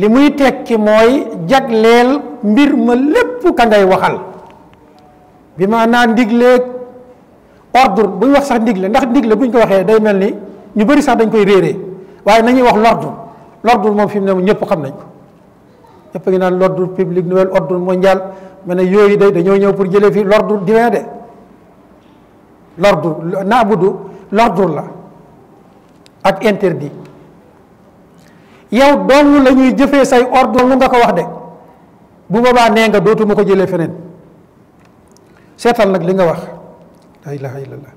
li muy tekki mooy jagleel mbir ma lépp ka ngay waxal bi maanaa ndigleeg ordre buñ wax sax ndigle ndax ndigle buñ ko waxee day mel ni ñu bari sax dañ koy réere waaye nañuy wax l'ordre l'ordre moom fi mu ne ñëpp xam nañ ko ñëpp ngi naan l'ordre public nouvel ordre mondial ma ne yooyu day dañoo ñëw pour jëlee fi l'ordre divin de l'ordre naabudu l'ordre la ak interdit yow dong la ñuy jëfee say ordre lu nga ko wax de bu boobaa nee nga dootuma ko jëlee feneen seetal nag li nga wax la ilaha illallah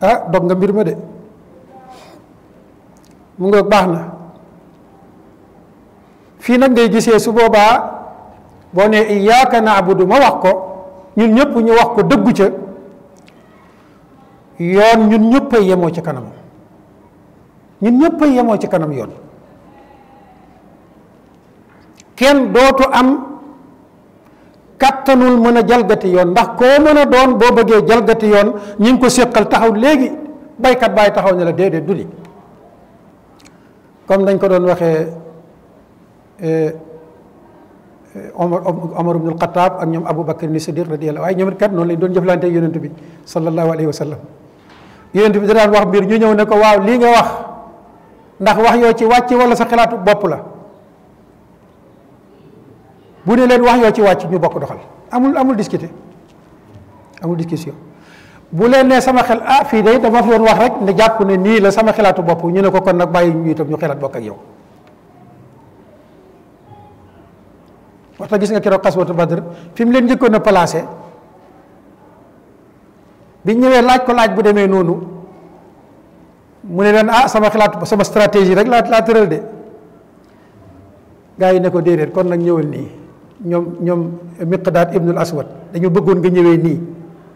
ah dog nga mbir ma de mu nga baax na fii nag ngay gisee su boobaa boo ne iyyaka na'budu ma wax ko ñun ñëpp ñu wax ko dëggu ca yoon ñun ñëpp a yemoo ci kanam ñun ñëpp yemoo ci kanam yoon kenn dootu am kattanul mën a jalgati yoon ndax koo mën a doon boo bëggee jalgati yoon ñi ko séqal taxaw léegi baykat baay taxaw ne la déedéet du li comme dañ ko doon waxee euh, Eh, Omar Omar ibn al-Khattab ak ñoom Abu Bakr ni Siddiq la waaye ñoom it kat noonu lañ doon jëflante ak yonent bi sallallahu alayhi wa sallam yonent bi da daan wax mbir ñu ñëw ne ko waaw lii nga wax ndax wax yoo ci wàcc wala sa xalaatu bopp la bu ne leen wax yoo ci wàcc ñu bokk doxal amul amul discuter amul discussion bu leen nee sama xel ah fii de dama fi doon wax rek ne jàpp ne nii la sama xalaatu bopp ñu ne ko kon nag bàyyi ñu itam ñu xelaat bokk ak yow. wax tax gis nga keroog xaswatu badr fi mu leen njëkkoon a placé biñ ñëwee laaj ko laaj bu demee noonu mu ne leen ah sama xalaat sama stratégie rek laa laa tëral de gaa yi ne déedéet kon nag ñëwal nii ñoom ñoom miqdaad ibnul aswad dañu bëggoon nga ñëwee nii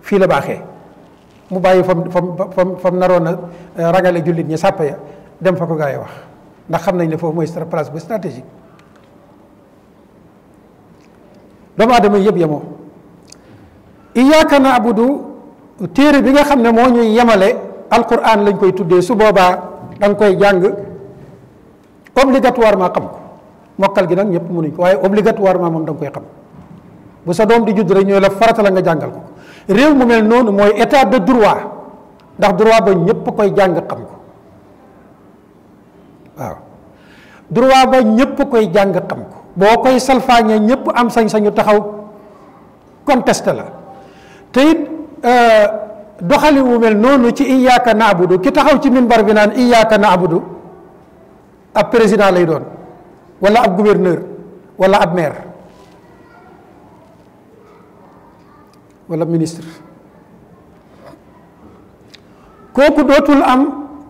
fii la baaxee mu bàyyi fam fam fam naroon a eh, ragale jullit ñi sàppa ya dem fa ko gaa yi wax ndax xam nañ ne foofu mooy place bu stratégique doomu aadama yëpp yemoo iyaaka naabudu téere bi nga xam ne moo ñuy yemale alquran lañ koy tuddee su boobaa da nga koy jàng obligatoirement xam ko mokkal gi nag ñëpp mënuñ ko waaye obligatoirement moom da nga koy xam bu sa doom di judd rek ñooy la farata la nga jàngal ko réew mu mel noonu mooy état de droit ndax droit ba ñëpp koy jàng xam ko waaw droit ba ñëpp koy jàng xam ko boo koy salfaañee ñëpp am sañ-sañu taxaw contesté la te it euh, doxali wu mel noonu ci iyaaka naabudu ki taxaw ci minbar bi naan iy iyaaka naabudu ab président lay doon walla ab gouverneur wala ab maire wala ministre kooku dootul am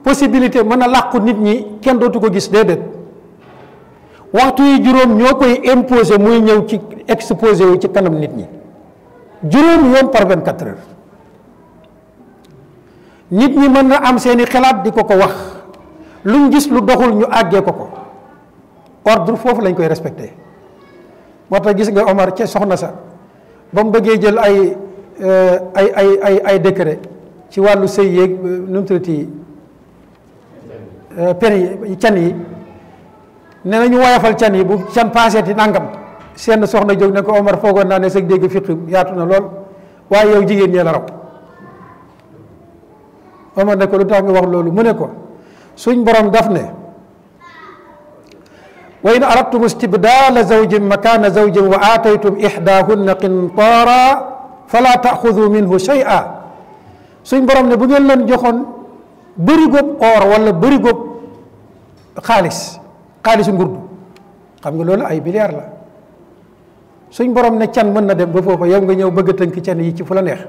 possibilité mën a làqu nit ñi kenn dootu ko gis déedéet waxtu yi juróom ñoo koy imposé muy ñëw ci exposé wu ci kanam nit ñi juróom yoon par vingt quatre heures nit ñi mën na am seeni xalaat di ko ko wax luñ gis lu doxul ñu àggee ko ko ordre foofu lañ koy respecté moo tax gis nga Omar ca soxna sa ba mu bëggee jël ay euh, ay ay ay ay décret ci wàllu sëy yéeg euh, nu mu euh, pen yi can yi ne nañu woyofal can yi bu can paaseeti nangam seen soxna jóg ne ko Omar foogoon naa ne sag dégg fiq yaatu na lool waaye yow jigéen ñee la raw Omar ne ko lu tax wax loolu mu ne ko suñ borom daf ne wa in aradtum istibdaala zawjin makaana zawjin wa aataytum ixdaahunna qintaara fala taaxudu minhu shay'a suñ borom ne bu ngeen leen joxoon bëri góob or wala bëri góob xaalis xaalisu ngurdu xam nga loolu ay milliards la suñ borom ne can mën na dem ba foofa yow nga ñëw bëgg a tënk can yi ci fu la neex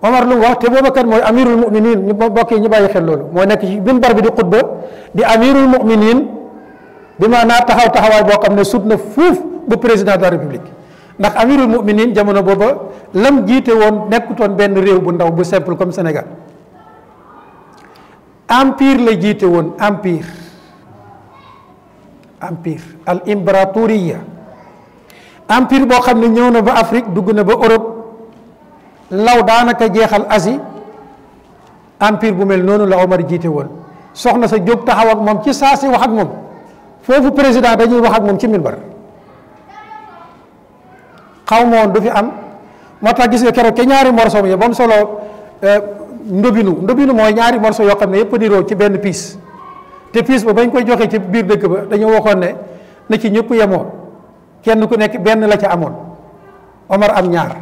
Omar lu mu wax te booba kan mooy amirul muminin ñu bokk ñu bàyyi xel loolu moo nekk ci minbar bi di xutba di amirul muminin bi ma naa taxaw taxawaay boo xam ne sut na fuuf bu président de la république ndax amirul muminin jamono booba lam jiite woon nekkutoon benn réew bu ndaw bu simple comme Sénégal empire la jiite woon empire empire al imbratoria empire boo xam ne ñëw na ba Afrique dugg na ba Europe law daanaka jeexal asi empire bu mel noonu la Omar jiite woon soxna sa jóg taxaw ak moom ci saa si ak moom foofu président dañuy wax ak moom ci minbar xaw ma woon du fi am moo tax gis nga keroog ke ñaari morceau ya ba mu solo eh, ndobinu ndobinu mooy ñaari morceau yoo xam ne yëpp niroo ci benn piis te piis ba bañ koy joxe ci biir dëkk ba dañoo waxoon ne na ci ñëpp yemoon kenn ku nekk benn la ci amoon Omar am ñaar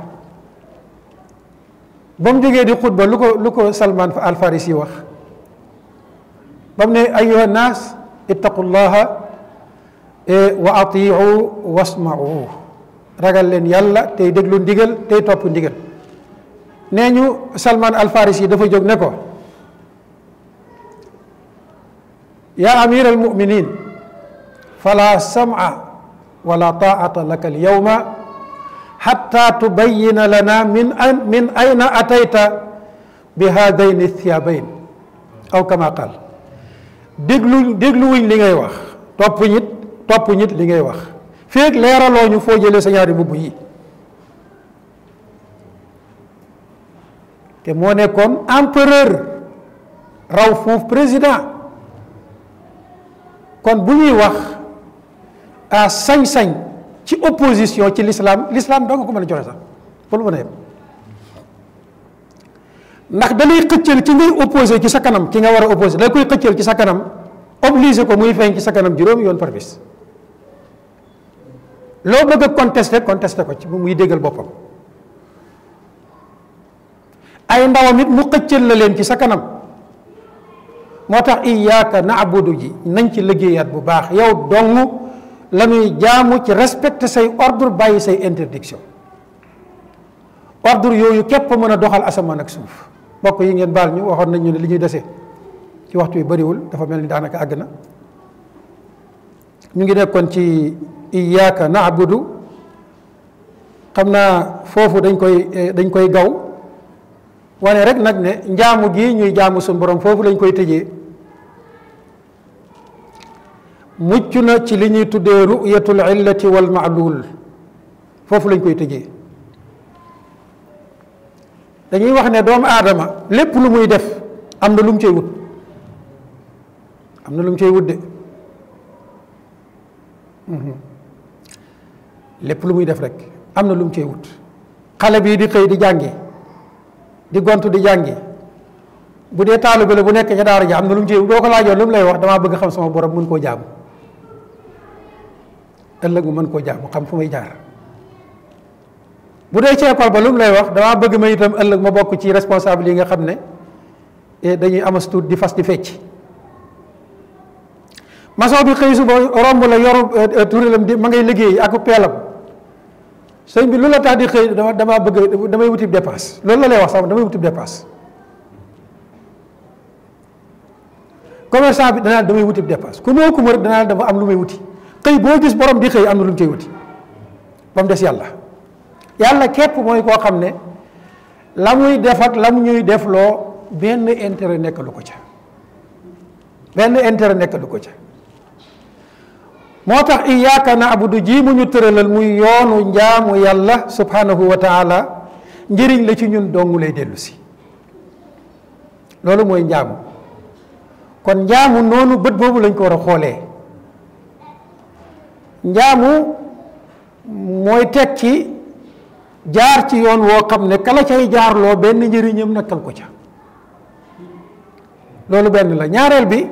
ba mu jógee di xutba lu ko lu ko Salman al Farisi wax ba mu ne ayyuha naas ittaqullaha e, wa atiu wasmau ragal leen yàlla tey déglu ndigal tey topp ndigal nee ñu salmaan al Farisi dafa jóg ne ko yaa amir almuminin fala sam'a wala taata laka alyawma xatta tubayina lana min ayna atayta bi haadayn athiyaabayn aw kama qaal déglu dégluwuñ li ngay wax topp ñit topp li ngay wax feeg leeraloo ñu foo jëlee sa ñaari mbubb yi te moo nekkoon empereur raw fuuf président kon bu muy wax a ah, sañ-sañ ci opposition ci l'islam l'islam doo nga ko mën a joxe sax pour mën a yem ndax dalay xëcceel ki ngay opposé ci sa kanam ki nga war a opposé da koy xëcceel ci sa kanam obligé ko muy feeñ ci sa kanam juróom yoon par bis loo bëgg a contesté ko ci muy déggal boppam ay ndawam it mu xëcceel la leen ci sa kanam moo tax iyaaka naabudu ji nañ ci liggéeyaat bu baax yow dong lañuy jaamu ci respecter say ordre bàyyi say interdiction ordre yooyu képp mën a doxal asamaan ak suuf mbokk yi ngeen baal ñu waxoon nañu ne li ñuy dese ci waxtu yu bariwul dafa mel ni daanaka àgg na ñu ngi nekkoon ci iyaaka naabudu xam naa foofu dañ koy eh, dañ koy gaw wane rek nag ne njaamu gi ñuy jaamu suñu borom foofu lañ koy tëjee mucc na ci li ñuy tuddee ru'yatul illati wal ma'lul foofu lañ koy tëjee dañuy wax ne doomu aadama lépp lu muy def am na lu mu cay wut am na lu mu cay mhm. lépp lu muy def rek am na lu mu cay wut xale bii di xëy di jàngi di gontu di jàngi bu dee taalibe la bu nekk ca daara ji am na lu mu ci boo ko laajoon lu mu lay wax damaa bëgg xam sama borom mën koo jaamu ëllëg mu mën koo jàmm xam fu may jaar bu dee ci école ba lu mu lay wax damaa bëgg ma itam ëllëg ma bokk ci responsable yi nga xam ne eh, dañuy amas tuut di fas di fecc maçon bi xëy suba romb la yoru eh, eh, turélam di ma ngay liggéey ak peelam sëñ bi lu la tax di xëy dama damaa bëgg damay wuti dépasse loolu la lay wax sax damay wuti dépasse commerçant bi danaa damay wuti dépasse ku moo ku ma danaa dama am lu may wuti xëy boo gis borom di xëy am na lu mu cay wuti ba mu des yàlla yàlla képp mooy koo xam ne la muy def ak la mu ñuy def loo benn intérêt nekk lu ko ca benn intérêt nekk lu ko ca moo tax iyyaka na'budu ji mu ñu tëralal muy yoonu njaamu yàlla subhanahu wa taala njëriñ la ci ñun dongu lay dellusi loolu mooy njaamu kon njaamu noonu bët boobu lañ ko war a xoolee njaamu mooy teg ci jaar ci yoon woo xam ne kala cay jaarloo benn njëriñam nekkal ko ca loolu benn la ñaareel bi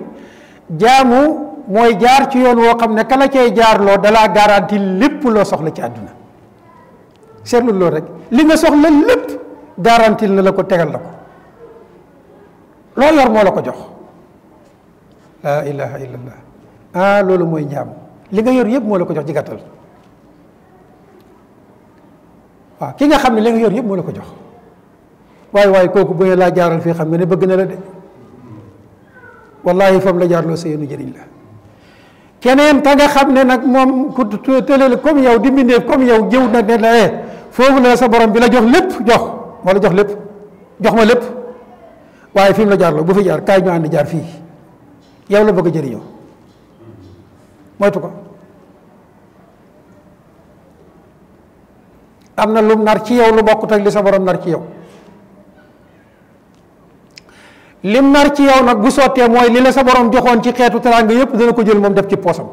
jaamu mooy jaar ci yoon woo xam ne kala cay jaarloo dalaa garanti lépp loo soxla ci àdduna seetlu loolu rek li nga soxla lépp garantil na la ko tegal la ko loolu yor moo la ko jox laa ilaha illallah ah loolu mooy njaam li nga yor yëpp moo la ko jox ci gàttal waaw ki nga xam ne li nga yor yëpp moo la ko jox waaye waaye kooku bu ne laa jaaral fii xam nga ne bëgg na la de wallahi fam la jaarloo sa yenu jëriñ la keneen ta nga xam ne nag moom ku tëleel comme yow di mbindeef comme yow jëw nag ne la eh, foofu la sa borom bi la jox lépp jox moo la jox lépp jox ma lépp waaye fi la jaar la bu fi jaar kaay ñu ànd jaar fii yow la bëgg a jëriñoo moytu ko am na lum nar ci yow lu bokkut ak li sa borom nar ci yow lim nar ci yow nag bu sottee mooy li la sa borom joxoon ci xeetu teraanga yëpp dana ko jël moom def ci poosam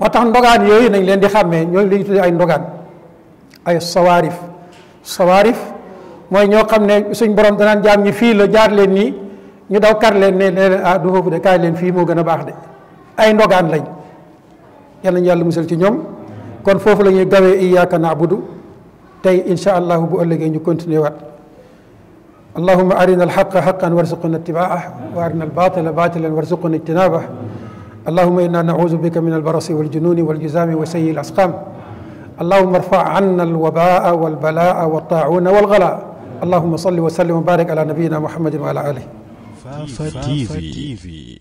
moo tax ndogaan yooyu nañ leen di xàmmee ñooy li ñu tuddee ay ndogaan ay sawaarif sawaarif mooy ñoo xam ne suñ borom danaan jaam ñi fii la jaar leen nii ñu daw leen ne ne ah du foofu de kaay leen fii moo gën a baax de ay ndogaan lañ yal nañu yàlla musal ci ñoom kon foofu la ñuy gawee iyaaka naabudu tey incha allahu bu ëllëgee ñu continuer waat اللهم أرنا الحق حقا وارزقنا اتباعه وأرنا الباطل باطلا وارزقنا اجتنابه اللهم إنا نعوذ بك من البرص والجنون والجزام وسيء الأسقام اللهم ارفع عنا الوباء والبلاء والطاعون والغلاء اللهم صل وسلم وبارك على نبينا محمد وعلى آله فافا تيفي